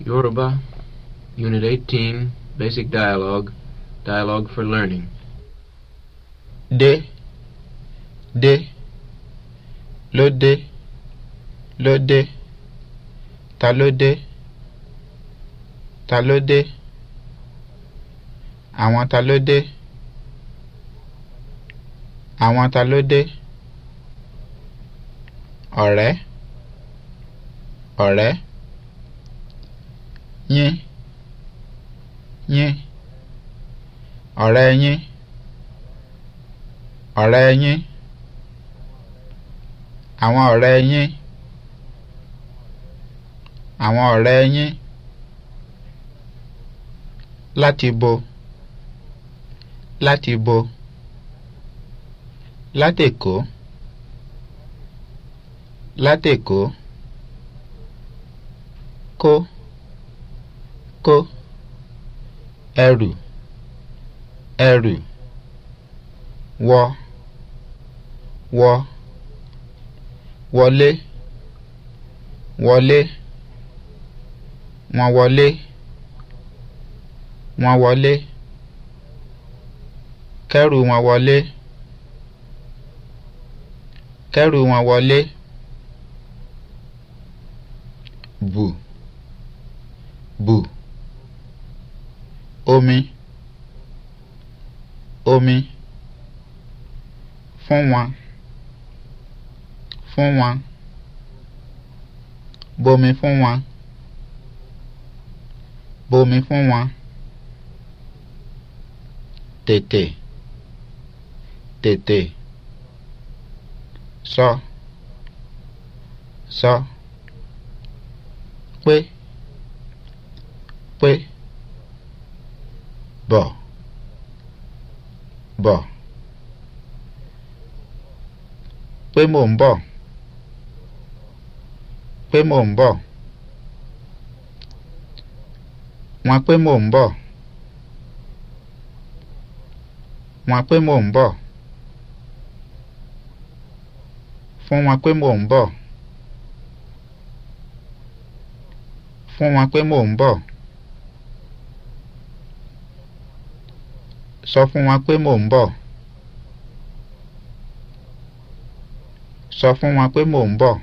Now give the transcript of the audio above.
Yoruba, Unit 18, Basic Dialogue, Dialogue for Learning. De, de, lóde, ta talóde, talóde, àwọn talóde, àwọn talóde, ọ̀rẹ́, ọ̀rẹ́ yín yín ọ̀rẹ́ yín ọ̀rẹ́ yín àwọn ọ̀rẹ́ yín àwọn ọ̀rẹ́ yín láti bo láti bo látèkó látèkó kó kó ẹrù ẹrù wọ wọ wọlé wọlé wọn wọlé wọn wọlé kẹ́rù wọn wọlé kẹ́rù wọn wọlé bù bù omi omi fún wọn fún wọn bomi fún wọn bomi fún wọn tètè tètè sọ sọ pé pé bọ̀ bọ̀ pé mò ń bọ̀ pé mò ń bọ̀ wọn pé mò ń bọ̀ wọn pé mò ń bọ̀ fún wọn pé mò ń bọ̀ fún wọn pé mò ń bọ̀. sọ fún wọn pé mò ń bọ̀ sọ fún wọn pé mò ń bọ̀.